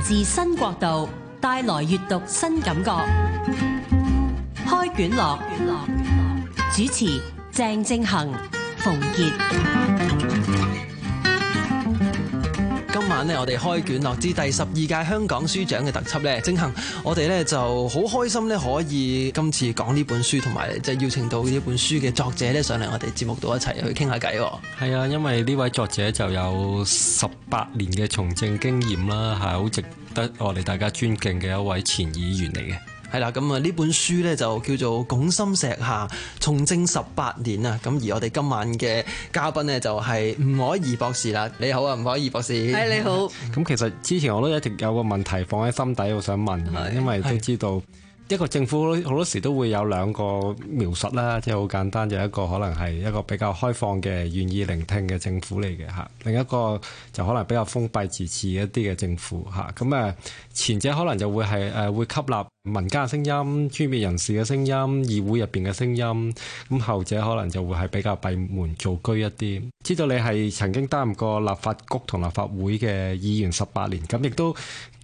自新角度帶來閱讀新感覺，開卷樂，卷樂卷樂，主持鄭正恆、馮傑。我哋開卷樂之第十二屆香港書獎嘅特輯咧，正行我哋咧就好開心咧可以今次講呢本書，同埋即係邀請到呢本書嘅作者咧上嚟我哋節目度一齊去傾下偈。係啊、嗯，因為呢位作者就有十八年嘅從政經驗啦，係好值得我哋大家尊敬嘅一位前議員嚟嘅。係啦，咁啊呢本書呢就叫做《拱心石下從政十八年》啊，咁而我哋今晚嘅嘉賓呢就係吳靄儀博士啦。你好啊，吳靄儀博士。係、hey, 你好。咁、嗯、其實之前我都一直有個問題放喺心底，我想問是因為都知道一個政府好多時都會有兩個描述啦，即係好簡單，就是、一個可能係一個比較開放嘅願意聆聽嘅政府嚟嘅吓，另一個就可能比較封閉自恃一啲嘅政府吓。咁啊前者可能就會係誒、呃、會吸納，民間嘅聲音、專業人士嘅聲音、議會入邊嘅聲音，咁後者可能就會係比較閉門造車一啲。知道你係曾經擔任過立法局同立法會嘅議員十八年，咁亦都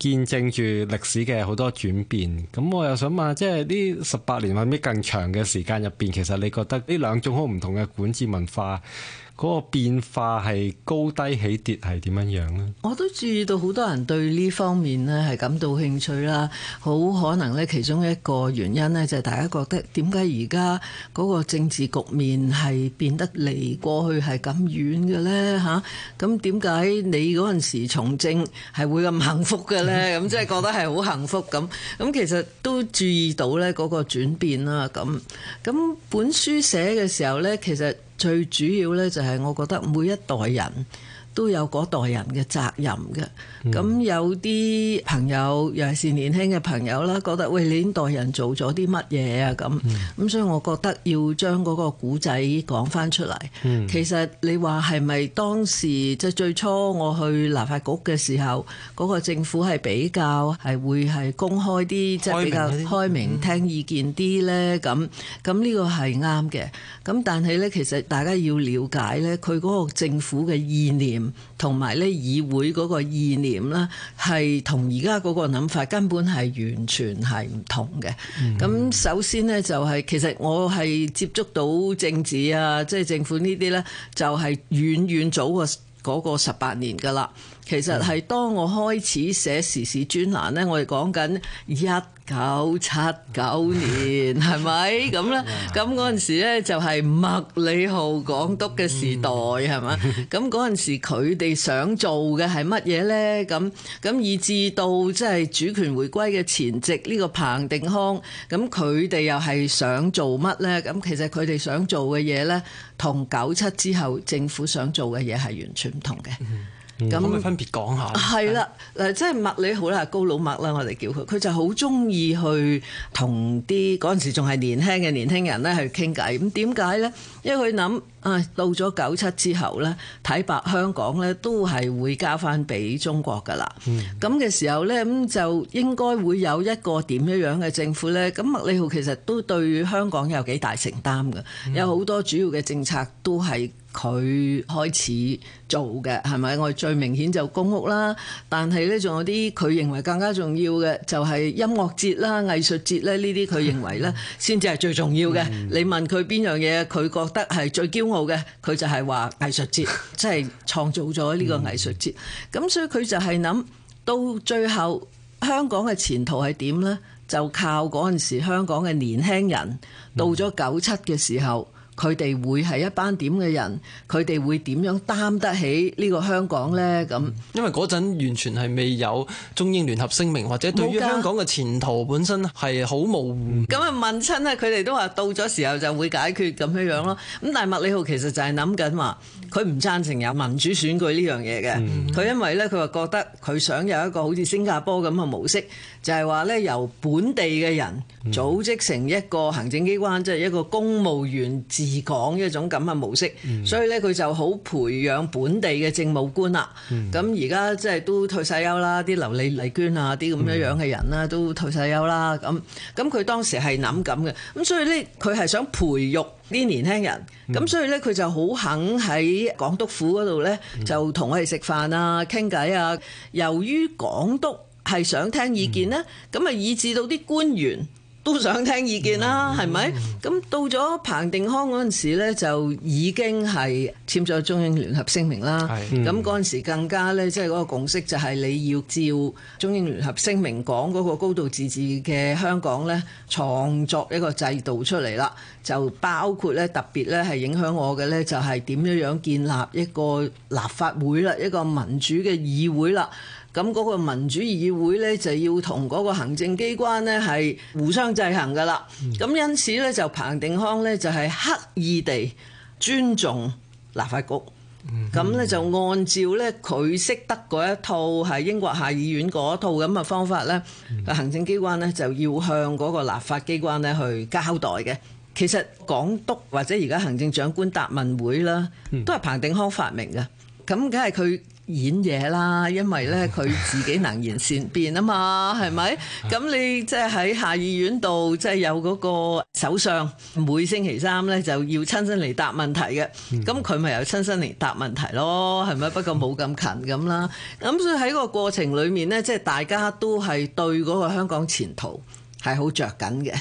見證住歷史嘅好多轉變。咁我又想問，即係呢十八年有咩更長嘅時間入邊，其實你覺得呢兩種好唔同嘅管治文化？嗰個變化係高低起跌係點樣樣呢？我都注意到好多人對呢方面呢係感到興趣啦。好可能呢，其中一個原因呢就係大家覺得點解而家嗰個政治局面係變得離過去係咁遠嘅呢吓？咁點解你嗰陣時從政係會咁幸福嘅呢？咁即係覺得係好幸福咁。咁其實都注意到呢嗰個轉變啦。咁咁本書寫嘅時候呢，其實。最主要咧就係我覺得每一代人，都有嗰代人嘅責任嘅，咁有啲朋友，尤其是年輕嘅朋友啦，覺得喂，呢代人做咗啲乜嘢啊？咁咁，所以我覺得要將嗰個古仔講翻出嚟。其實你話係咪當時即係最初我去立法局嘅時候，嗰個政府係比較係會係公開啲，即係比較開明，聽意見啲咧？咁咁呢個係啱嘅。咁但係咧，其實大家要了解咧，佢嗰個政府嘅意念。同埋咧，議會嗰個意念啦，係同而家嗰個諗法根本係完全係唔同嘅。咁、嗯、首先呢、就是，就係其實我係接觸到政治啊，即係政府呢啲呢，就係、是、遠遠早過嗰個十八年㗎喇。其實係當我開始寫時事專欄呢，我哋講緊一九七九年係咪咁呢，咁嗰陣時咧就係麥理浩港督嘅時代係嘛？咁嗰陣時佢哋想做嘅係乜嘢呢？咁咁以至到即係主權回歸嘅前夕，呢個彭定康，咁佢哋又係想做乜呢？咁其實佢哋想做嘅嘢呢，同九七之後政府想做嘅嘢係完全唔同嘅。 咁，可唔可以分別講下？係啦，誒，即係麥理浩啦，高佬麥啦，我哋叫佢，佢就好中意去同啲嗰陣時仲係年輕嘅年輕人咧去傾偈。咁點解咧？因為佢諗。啊，到咗九七之後呢，睇白香港呢都係會交翻俾中國噶啦。咁嘅時候呢，咁就應該會有一個點樣樣嘅政府呢？咁麥理浩其實都對香港有幾大承擔嘅，有好多主要嘅政策都係佢開始做嘅，係咪？我最明顯就公屋啦，但係呢仲有啲佢認為更加重要嘅，就係音樂節啦、藝術節咧呢啲，佢認為呢先至係最重要嘅。你問佢邊樣嘢，佢覺得係最驕嘅佢就係話藝術節，即係創造咗呢個藝術節，咁所以佢就係諗到最後香港嘅前途係點咧？就靠嗰陣時香港嘅年輕人，到咗九七嘅時候。佢哋會係一班點嘅人，佢哋會點樣擔得起呢個香港咧？咁因為嗰陣完全係未有中英聯合聲明，或者對於香港嘅前途本身係好模糊。咁啊的問親咧，佢哋都話到咗時候就會解決咁樣樣咯。咁但係麥理浩其實就係諗緊話佢唔贊成有民主選舉呢樣嘢嘅。佢、嗯、因為咧，佢話覺得佢想有一個好似新加坡咁嘅模式，就係話咧由本地嘅人組織成一個行政機關，即、就、係、是、一個公務員。嗯而講一種咁嘅模式，嗯、所以咧佢就好培養本地嘅政務官啦。咁而家即係都退晒休啦，啲、嗯、劉李麗娟啊啲咁樣樣嘅人啦都退晒休啦。咁咁佢當時係諗咁嘅，咁所以呢，佢係想培育啲年輕人。咁、嗯、所以呢，佢就好肯喺港督府嗰度呢，就同我哋食飯啊、傾偈啊。由於港督係想聽意見呢，咁啊、嗯嗯、以致到啲官員。都想聽意見啦，係咪、mm？咁、hmm. 到咗彭定康嗰陣時咧，就已經係簽咗中英聯合聲明啦。咁嗰陣時更加呢，即係嗰個共識就係你要照中英聯合聲明講嗰個高度自治嘅香港呢，創作一個制度出嚟啦。就包括呢特別呢係影響我嘅呢，就係點樣樣建立一個立法會啦，一個民主嘅議會啦。咁嗰個民主議會呢，就要同嗰個行政機關呢係互相制衡噶啦。咁、嗯、因此呢，就彭定康呢就係、是、刻意地尊重立法局。咁、嗯、呢，就按照呢佢識得嗰一套係英國下議院嗰套咁嘅方法呢，嗯、行政機關呢就要向嗰個立法機關呢去交代嘅。其實港督或者而家行政長官答問會啦，都係彭定康發明嘅。咁梗係佢演嘢啦，因為咧佢自己能言善辯啊嘛，係咪？ 咁你即係喺下議院度，即係有嗰個首相每星期三咧就要親身嚟答問題嘅，咁佢咪又親身嚟答問題咯，係咪？不過冇咁近咁啦。咁所以喺個過程裡面咧，即係大家都係對嗰個香港前途。係好着緊嘅，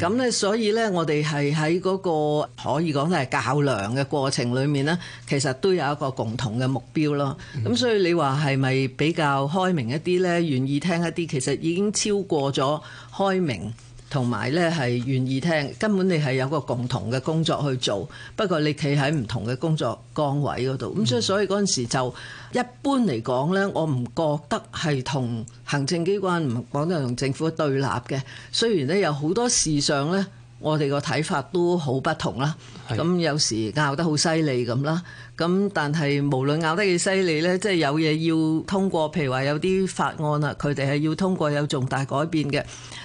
咁、嗯、呢，所以咧，我哋係喺嗰個可以講係較量嘅過程裏面呢，其實都有一個共同嘅目標咯。咁、嗯、所以你話係咪比較開明一啲呢？願意聽一啲，其實已經超過咗開明。同埋呢係願意聽，根本你係有個共同嘅工作去做。不過你企喺唔同嘅工作崗位嗰度，咁、嗯、所以嗰陣時就一般嚟講呢，我唔覺得係同行政機關唔講得同政府對立嘅。雖然呢有好多事上呢。我哋個睇法都好不同啦，咁有時拗得好犀利咁啦，咁但係無論拗得幾犀利呢，即係有嘢要通過，譬如話有啲法案啊，佢哋係要通過有重大改變嘅，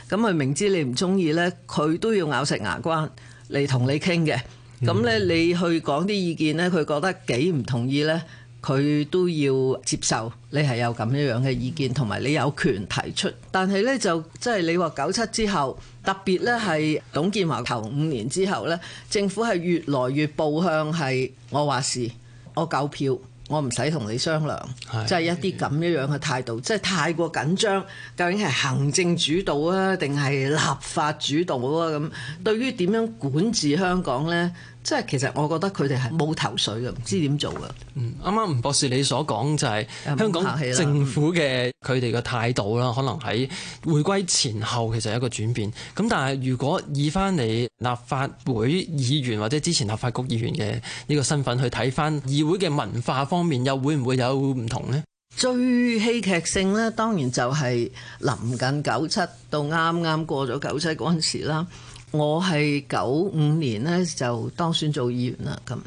咁咪明知你唔中意呢，佢都要咬實牙關嚟同你傾嘅，咁呢，你去講啲意見呢，佢覺得幾唔同意呢，佢都要接受你係有咁樣樣嘅意見，同埋你有權提出。但係咧就即係、就是、你話九七之後特別咧係董建華頭五年之後咧，政府係越來越步向係我話事，我夠票，我唔使同你商量，即、就、係、是、一啲咁樣樣嘅態度，即係的太過緊張，究竟係行政主導啊，定係立法主導啊？咁對於點樣管治香港咧？即係其實我覺得佢哋係冇頭緒嘅，唔知點做嘅。嗯，啱啱吳博士你所講就係、是嗯、香港政府嘅佢哋嘅態度啦，可能喺回歸前後其實係一個轉變。咁但係如果以翻你立法會議員或者之前立法局議員嘅呢個身份去睇翻議會嘅文化方面，又會唔會有唔同呢？最戲劇性咧，當然就係臨近九七到啱啱過咗九七嗰陣時啦。我係九五年呢就當選做議員啦咁。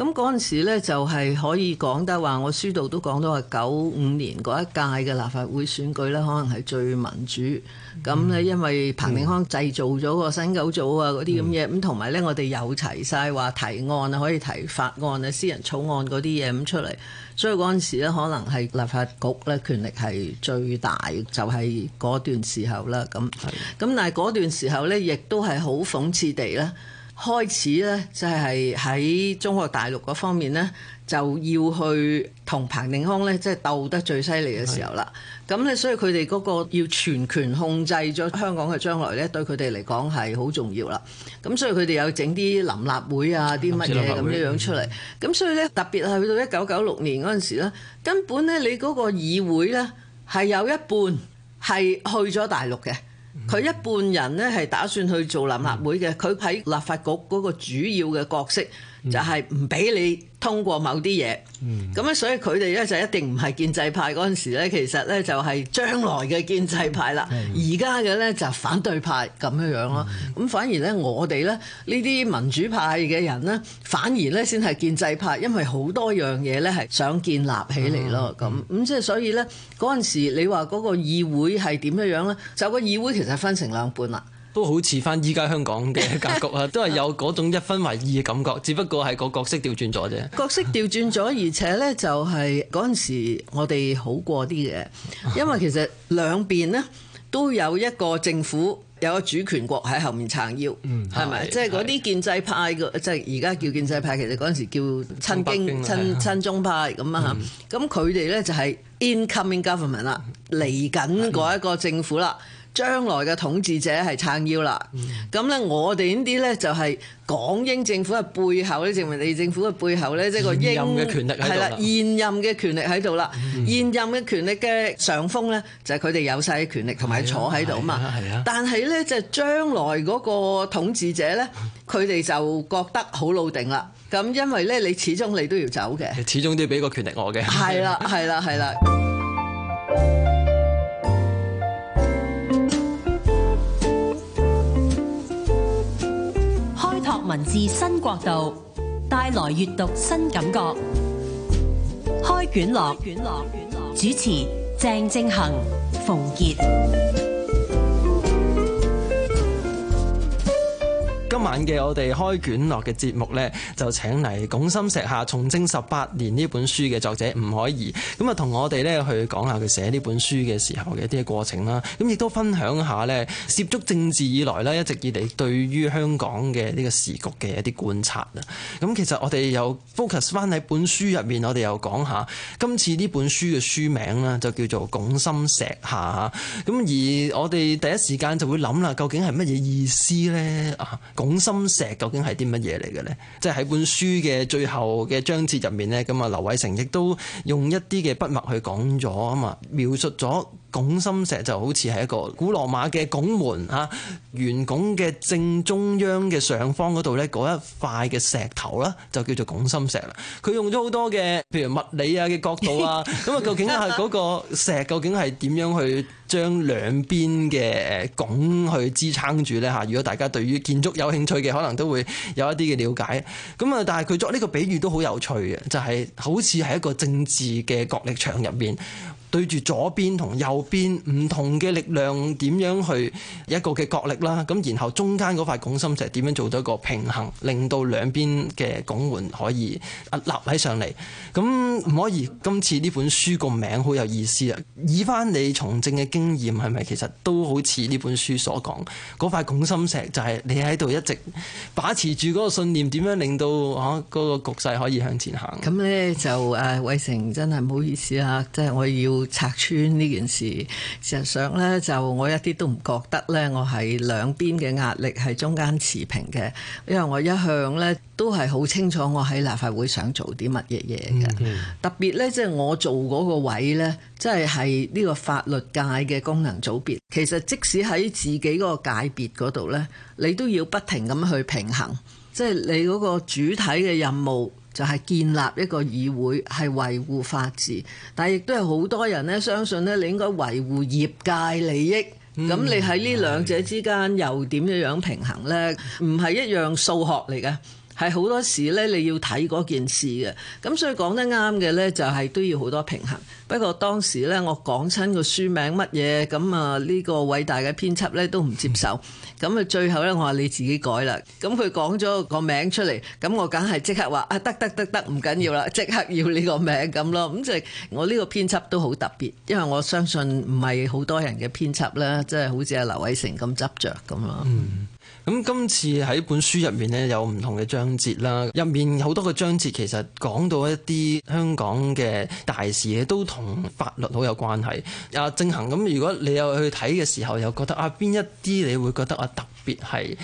咁嗰陣時呢，就係可以講得話，我書度都講到話，九五年嗰一屆嘅立法會選舉呢，可能係最民主。咁呢、嗯，因為彭定康製造咗個新九組啊，嗰啲咁嘢，咁同埋呢，我哋又齊晒話提案啊，可以提法案啊，私人草案嗰啲嘢咁出嚟。所以嗰陣時呢，可能係立法局呢權力係最大，就係、是、嗰段時候啦。咁，咁的但係嗰段時候呢，亦都係好諷刺地呢。開始咧，就係、是、喺中國大陸嗰方面咧，就要去同彭定康咧，即、就、係、是、鬥得最犀利嘅時候啦。咁咧是、嗯，所以佢哋嗰個要全權控制咗香港嘅將來咧，對佢哋嚟講係好重要啦。咁、嗯、所以佢哋有整啲臨立會啊，啲乜嘢咁樣出嚟。咁、嗯、所以咧，特別係去到一九九六年嗰陣時咧，根本咧你嗰個議會咧係有一半係去咗大陸嘅。佢一半人咧係打算去做立立會嘅，佢喺、嗯、立法局嗰個主要嘅角色就係唔俾你。通過某啲嘢，咁咧、嗯、所以佢哋咧就一定唔係建制派嗰陣時咧，其實咧就係將來嘅建制派啦。而家嘅咧就反對派咁樣樣咯。咁、嗯、反而咧我哋咧呢啲民主派嘅人咧，反而咧先係建制派，因為好多樣嘢咧係想建立起嚟咯。咁咁即係所以咧嗰陣時，你話嗰個議會係點樣樣咧？就個議會其實分成兩半啦。都好似翻依家香港嘅格局啊， 都係有嗰種一分為二嘅感覺，只不過係個角色調轉咗啫。角色調轉咗，而且呢就係嗰陣時我哋好過啲嘅，因為其實兩邊呢都有一個政府，有一個主權國喺後面撐腰，嗯，係咪？即係嗰啲建制派，即係而家叫建制派，其實嗰陣時叫親京親、嗯、親中派咁啊，咁佢哋呢就係 incoming government 啦，嚟緊嗰一個政府啦。嗯嗯將來嘅統治者係撐腰啦，咁咧一我哋呢啲咧就係港英政府嘅背後咧，殖民地政府嘅背後咧，即係個英嘅權力喺度啦。現任嘅權力喺度啦，嗯、現任嘅權力嘅上風咧就係佢哋有晒嘅權力同埋、嗯、坐喺度啊嘛。嗯、但係咧就係、將來嗰個統治者咧，佢哋 就覺得好老定啦。咁因為咧你始終你都要走嘅，嗯、始終都要俾個權力我嘅 係啦，係啦，係啦。一文字新國度，帶來閱讀新感覺。開卷樂，卷樂卷樂主持鄭正恆、馮傑。今晚嘅我哋開卷樂嘅節目呢，就請嚟《拱心石下從政十八年》呢本書嘅作者吳靄儀，咁啊同我哋呢去講下佢寫呢本書嘅時候嘅一啲過程啦，咁亦都分享下呢，涉足政治以來呢，一直以嚟對於香港嘅呢個時局嘅一啲觀察啦。咁其實我哋又 focus 翻喺本書入面，我哋又講下今次呢本書嘅書名咧，就叫做《拱心石下》。咁而我哋第一時間就會諗啦，究竟係乜嘢意思呢？拱、啊拱心石究竟係啲乜嘢嚟嘅咧？即係喺本書嘅最後嘅章節入面咧，咁啊，劉偉成亦都用一啲嘅筆墨去講咗啊嘛，描述咗。拱心石就好似係一個古羅馬嘅拱門啊，圓拱嘅正中央嘅上方嗰度咧，嗰一塊嘅石頭啦，就叫做拱心石啦。佢用咗好多嘅，譬如物理啊嘅角度啊，咁啊 究竟係嗰個石究竟係點樣去將兩邊嘅拱去支撐住咧嚇？如果大家對於建築有興趣嘅，可能都會有一啲嘅了解。咁啊，但係佢作呢個比喻都好有趣嘅，就係、是、好似係一個政治嘅角力場入面。對住左邊同右邊唔同嘅力量點樣去一個嘅角力啦，咁然後中間嗰塊拱心石點樣做到一個平衡，令到兩邊嘅拱門可以立喺上嚟，咁唔可以今次呢本書個名好有意思啊！以翻你從政嘅經驗，係咪其實都好似呢本書所講嗰塊拱心石，就係你喺度一直把持住嗰個信念，點樣令到吓嗰個局勢可以向前行？咁呢就誒，偉、啊、成真係唔好意思啊，即係我要。拆穿呢件事，事實上咧就我一啲都唔覺得咧，我係兩邊嘅壓力係中間持平嘅。因為我一向咧都係好清楚我喺立法會想做啲乜嘢嘢嘅，Okay. 特別咧即係我做嗰個位咧，即係，係呢個法律界嘅功能組別，其實即使喺自己個界別嗰度咧，你都要不停咁去平衡，即係你嗰個主體嘅任務。就係建立一個議會，係維護法治，但係亦都係好多人咧相信呢你應該維護業界利益。咁、嗯、你喺呢兩者之間又點樣平衡呢？唔係一樣數學嚟嘅。係好多時咧，你要睇嗰件事嘅，咁所以講得啱嘅咧，就係都要好多平衡。不過當時咧，我講親個書名乜嘢，咁啊呢個偉大嘅編輯咧都唔接受，咁啊、嗯、最後咧我話你自己改啦。咁佢講咗個名出嚟，咁我梗係即刻話啊得得得得，唔緊要啦，即刻要呢個名咁咯。咁就我呢個編輯都好特別，因為我相信唔係好多人嘅編輯咧，即係好似阿劉偉成咁執着咁咯。嗯咁今次喺本書入面呢有唔同嘅章節啦，入面好多嘅章節其實講到一啲香港嘅大事嘅，都同法律好有關係。阿正恒。咁，如果你有去睇嘅時候，又覺得啊，邊一啲你會覺得啊特別係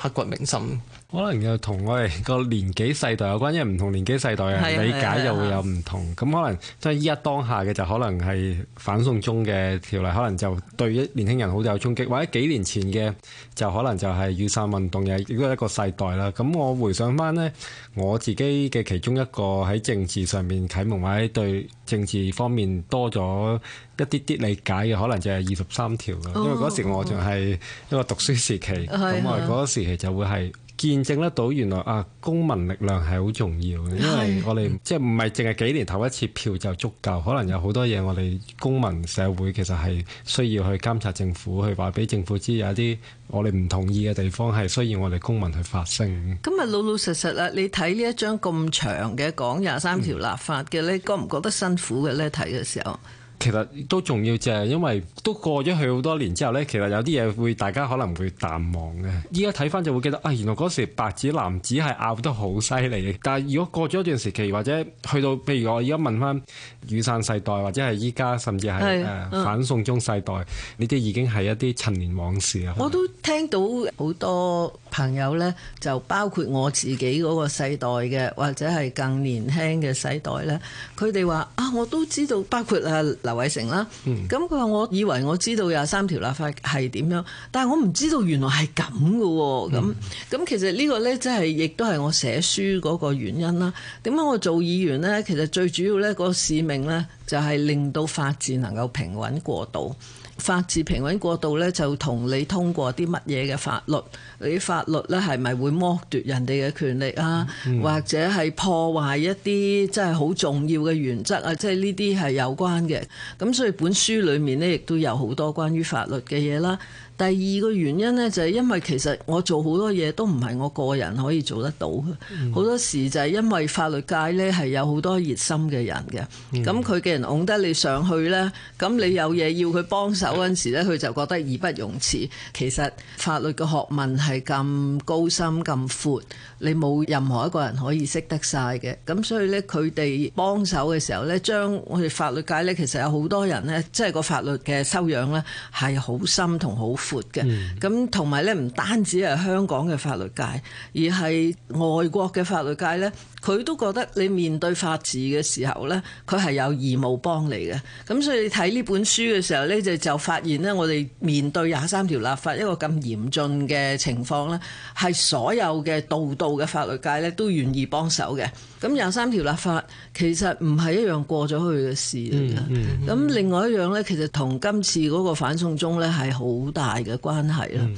刻骨銘心？可能又同我哋個年紀世代有關，因為唔同年紀世代嘅的理解又會有唔同。咁可能即係依家當下嘅就可能係反送中嘅條例，可能就對一年輕人好有衝擊。或者幾年前嘅就可能就係雨傘運動嘅，如果一個世代啦。咁我回想翻呢，我自己嘅其中一個喺政治上面啟蒙，或者對政治方面多咗一啲啲理解嘅，可能就係二十三條咯。因為嗰時我仲係一個讀書時期，咁、哦哦、我嗰時期就會係。見證得到原來啊，公民力量係好重要嘅，因為我哋的即係唔係淨係幾年投一次票就足夠，可能有好多嘢我哋公民社會其實係需要去監察政府，去話俾政府知有一啲我哋唔同意嘅地方係需要我哋公民去發聲。咁啊、嗯、老老實實啦，你睇呢一張咁長嘅講廿三條立法嘅咧，你覺唔覺得辛苦嘅咧睇嘅時候？其實都重要就係，因為都過咗去好多年之後呢，其實有啲嘢會大家可能會淡忘嘅。依家睇翻就會記得啊、哎，原來嗰時白紙藍紙係拗得好犀利嘅。但係如果過咗一段時期，或者去到譬如我而家問翻雨傘世代，或者係依家甚至係是、呃、反送中世代，呢啲已經係一啲陳年往事啊。我都聽到好多朋友呢，就包括我自己嗰個世代嘅，或者係更年輕嘅世代呢，佢哋話啊，我都知道，包括啊。偉成啦，咁佢話，我以為我知道廿三條立法係點樣，但係我唔知道原來係咁噶喎，咁、嗯、咁、嗯、其實呢個呢，即係亦都係我寫書嗰個原因啦。點解我做議員呢？其實最主要呢個使命呢，就係令到發展能夠平穩過渡。法治平穩過渡呢，就同你通過啲乜嘢嘅法律，啲法律呢，係咪會剝奪人哋嘅權利啊，嗯、或者係破壞一啲即係好重要嘅原則啊，即係呢啲係有關嘅。咁所以本書裡面呢，亦都有好多關於法律嘅嘢啦。第二個原因呢，就係、是、因為其實我做好多嘢都唔係我個人可以做得到嘅，好、嗯、多時就係因為法律界呢，係有好多熱心嘅人嘅，咁佢嘅人擁得你上去呢，咁你有嘢要佢幫手嗰陣時呢，佢就覺得義不容辭。其實法律嘅學問係咁高深咁闊，你冇任何一個人可以識得晒嘅，咁所以呢，佢哋幫手嘅時候呢，將我哋法律界呢，其實有好多人呢，即係個法律嘅修養呢，係好深同好活嘅咁，同埋咧唔單止係香港嘅法律界，而係外國嘅法律界咧，佢都覺得你面對法治嘅時候咧，佢係有義務幫你嘅。咁所以你睇呢本書嘅時候咧，就就發現咧，我哋面對廿三條立法一個咁嚴峻嘅情況咧，係所有嘅道道嘅法律界咧都願意幫手嘅。咁廿三條立法其實唔係一樣過咗去嘅事嚟嘅。咁、嗯嗯嗯、另外一樣咧，其實同今次嗰個反送中咧係好大。大嘅關係啦，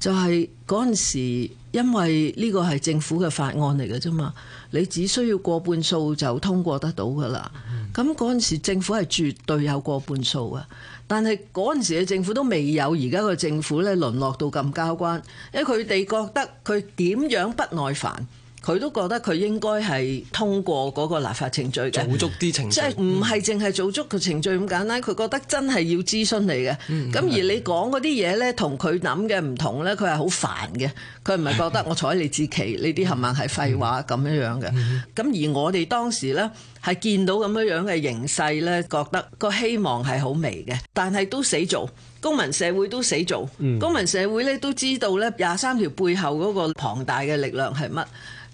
就係嗰陣時， 因為呢個係政府嘅法案嚟嘅啫嘛，你只需要過半數就通過得到噶啦。咁嗰陣時政府係絕對有過半數嘅，但係嗰陣時嘅政府都未有而家嘅政府咧，淪落到咁交關，因為佢哋覺得佢點樣不耐煩。佢都覺得佢應該係通過嗰個立法程序嘅，做足啲程序，即係唔係淨係做足個程序咁簡單。佢覺得真係要諮詢你嘅。咁而你講嗰啲嘢咧，同佢諗嘅唔同咧，佢係好煩嘅。佢唔係覺得我睬你治奇，你啲冚唪唥係廢話咁樣樣嘅。咁而我哋當時咧係見到咁樣樣嘅形勢咧，覺得個希望係好微嘅，但係都死做，公民社會都死做。公民社會咧都知道咧廿三條背後嗰個龐大嘅力量係乜。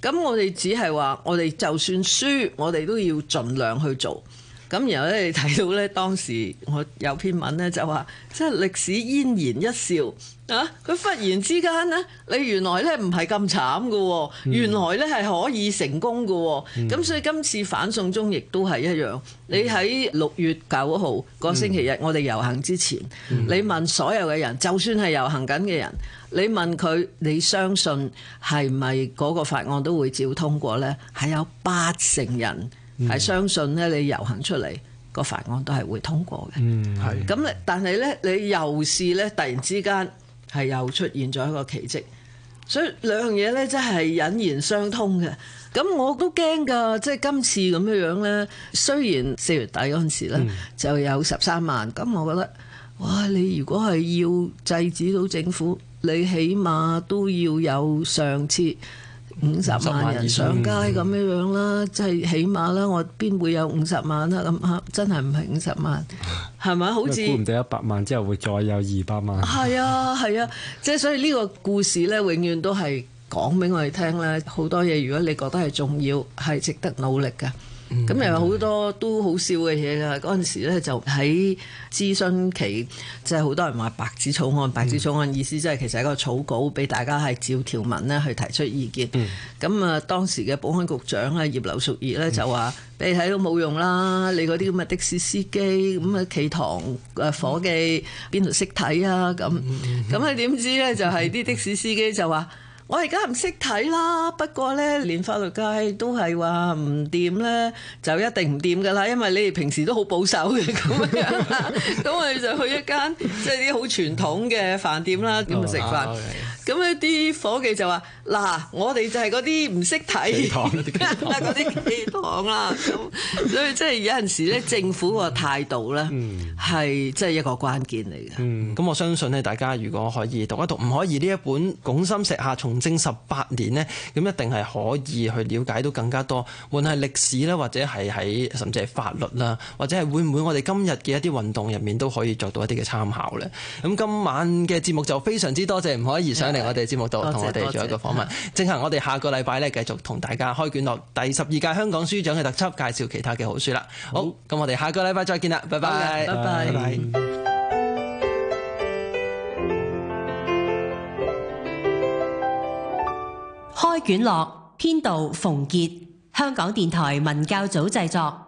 咁我哋只係話我哋就算輸，我哋都要盡量去做。咁然後咧，你睇到咧，當時我有篇文咧就話，即係歷史嫣然一笑啊！佢忽然之間咧，你原來咧唔係咁慘㗎，原來咧係可以成功㗎。咁、嗯、所以今次反送中亦都係一樣。嗯、你喺六月九號個星期日，嗯、我哋遊行之前，嗯、你問所有嘅人，就算係遊行緊嘅人，你問佢，你相信係咪嗰個法案都會照通過咧？係有八成人、嗯。係、嗯、相信咧，你遊行出嚟個法案都係會通過嘅。係咁、嗯、但係咧，你又是咧，突然之間係又出現咗一個奇蹟，所以兩樣嘢咧真係隱然相通嘅。咁我都驚㗎，即係今次咁樣樣咧，雖然四月底嗰陣時咧、嗯、就有十三萬，咁我覺得哇，你如果係要制止到政府，你起碼都要有上次。五十萬人上街咁樣樣啦，即係起碼啦，我邊會有五十萬啊咁嚇？真係唔係五十萬，係咪？ 好似估唔到一百萬之後會再有二百萬。係 啊，係啊，即係所以呢個故事呢，永遠都係講俾我哋聽呢。好多嘢如果你覺得係重要，係值得努力嘅。咁又有好多都好笑嘅嘢㗎，嗰陣時咧就喺諮詢期，即係好多人話白紙草案、白紙草案，意思即係其實係個草稿，俾大家係照條文咧去提出意見。咁啊，當時嘅保安局長啊葉劉淑儀咧就話：「你睇都冇用啦，你嗰啲咁嘅的士司機咁啊，企堂誒夥計邊度識睇啊？」咁咁啊點知咧就係啲的士司機就話。我而家唔識睇啦，不過呢，連法律界都係話唔掂呢，就一定唔掂㗎喇，因為你哋平時都好保守嘅咁樣，咁 我哋就去一間即係啲好傳統嘅飯店啦，咁就食飯。啊 okay. 咁咧啲伙計就話：嗱，我哋就係嗰啲唔識睇，嗰啲寄堂啦。咁 所以即係有陣時咧，政府個態度咧，係即係一個關鍵嚟嘅。咁、嗯、我相信咧，大家如果可以讀一讀，唔、嗯、可以呢一本《拱心石下從政十八年》呢，咁一定係可以去了解到更加多，換係歷史啦，或者係喺甚至係法律啦，或者係會唔會我哋今日嘅一啲運動入面都可以作到一啲嘅參考咧。咁今晚嘅節目就非常之多謝唔可以上、嗯。嚟我哋節目度，同謝我哋做一個訪問。謝謝正行，我哋下個禮拜咧，繼續同大家開卷樂。第十二屆香港書獎嘅特輯，介紹其他嘅好書啦。好，咁好我哋下個禮拜再見啦，的拜拜，拜拜。開卷樂編導馮杰，香港電台文教組製作。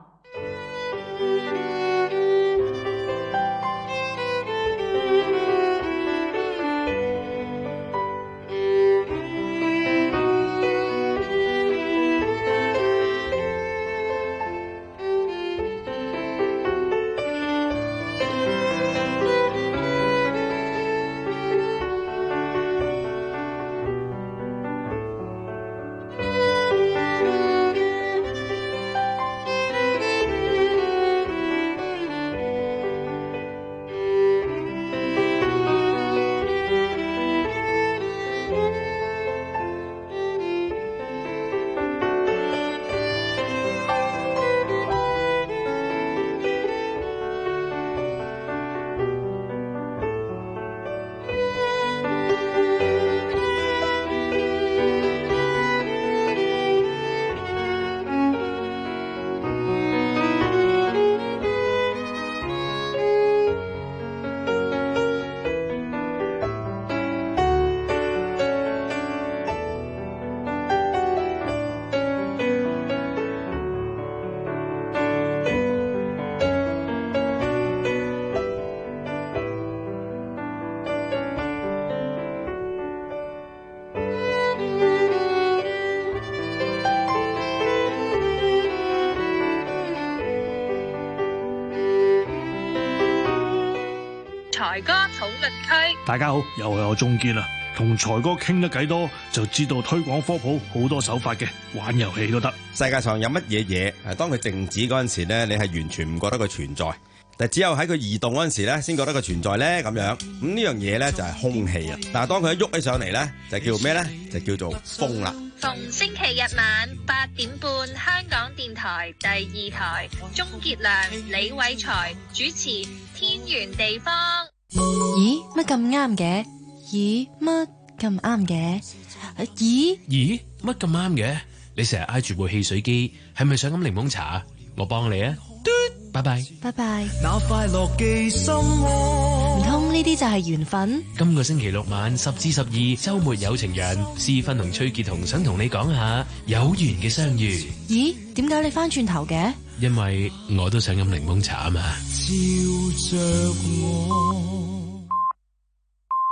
大家討論區，大家好，又係我鍾杰啦。同財哥傾得幾多，就知道推廣科普好多手法嘅，玩遊戲都得。世界上有乜嘢嘢？誒，當佢靜止嗰陣時咧，你係完全唔覺得佢存在，但只有喺佢移動嗰陣時咧，先覺得佢存在咧。咁樣，咁呢樣嘢咧就係空氣啊。但係當佢喐起上嚟咧，就叫咩咧？就叫做風啦。逢星期日晚八點半，香港電台第二台，鍾杰亮、李偉才主持《天圓地方》。咦，乜咁啱嘅？咦，乜咁啱嘅？咦咦，乜咁啱嘅？你成日挨住部汽水機，係咪想飲檸檬茶啊？我幫你啊！嘟！拜拜拜拜。唔通呢啲就係緣分？今個星期六晚十至十二，周末有情人，思芬同崔潔彤想同你講下有緣嘅相遇。咦？點解你翻轉頭嘅？因為我都想飲檸檬茶啊嘛。照着我。